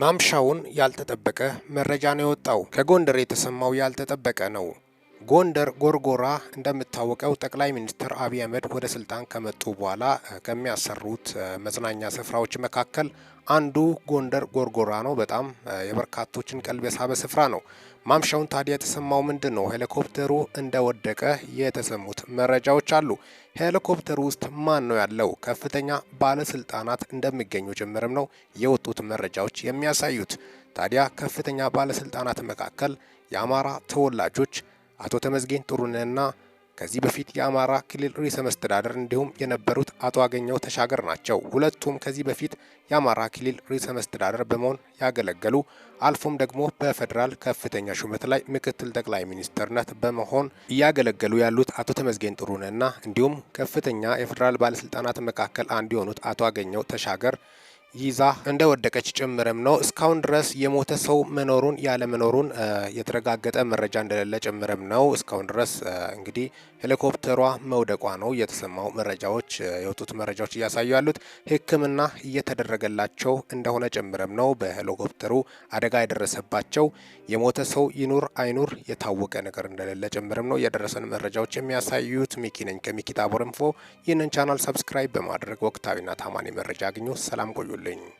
ማምሻውን ያልተጠበቀ መረጃ ነው የወጣው። ከጎንደር የተሰማው ያልተጠበቀ ነው። ጎንደር ጎርጎራ እንደምታወቀው ጠቅላይ ሚኒስትር አብይ አህመድ ወደ ስልጣን ከመጡ በኋላ ከሚያሰሩት መዝናኛ ስፍራዎች መካከል አንዱ ጎንደር ጎርጎራ ነው። በጣም የበርካቶችን ቀልብ የሳበ ስፍራ ነው። ማምሻውን ታዲያ የተሰማው ምንድን ነው? ሄሊኮፕተሩ እንደወደቀ የተሰሙት መረጃዎች አሉ። ሄሊኮፕተሩ ውስጥ ማን ነው ያለው? ከፍተኛ ባለስልጣናት እንደሚገኙ ጭምርም ነው የወጡት መረጃዎች የሚያሳዩት። ታዲያ ከፍተኛ ባለስልጣናት መካከል የአማራ ተወላጆች አቶ ተመስገን ጥሩነህና ከዚህ በፊት የአማራ ክልል ርዕሰ መስተዳደር እንዲሁም የነበሩት አቶ አገኘው ተሻገር ናቸው። ሁለቱም ከዚህ በፊት የአማራ ክልል ርዕሰ መስተዳደር በመሆን ያገለገሉ አልፎም ደግሞ በፌዴራል ከፍተኛ ሹመት ላይ ምክትል ጠቅላይ ሚኒስትርነት በመሆን እያገለገሉ ያሉት አቶ ተመስገን ጥሩነህና እንዲሁም ከፍተኛ የፌዴራል ባለስልጣናት መካከል አንዱ የሆኑት አቶ አገኘው ተሻገር ይዛ እንደወደቀች ጭምርም ነው። እስካሁን ድረስ የሞተ ሰው መኖሩን ያለመኖሩን የተረጋገጠ መረጃ እንደሌለ ጭምርም ነው። እስካሁን ድረስ እንግዲህ ሄሊኮፕተሯ መውደቋ ነው የተሰማው። መረጃዎች የወጡት መረጃዎች እያሳዩ ያሉት ሕክምና እየተደረገላቸው እንደሆነ ጭምርም ነው። በሄሊኮፕተሩ አደጋ የደረሰባቸው የሞተ ሰው ይኑር አይኑር የታወቀ ነገር እንደሌለ ጭምርም ነው የደረሰን መረጃዎች የሚያሳዩት። ሚኪ ነኝ ከሚኪ ኢንፎ። ይህንን ቻናል ሰብስክራይብ በማድረግ ወቅታዊና ታማኒ መረጃ አግኙ። ሰላም ቆዩል лень.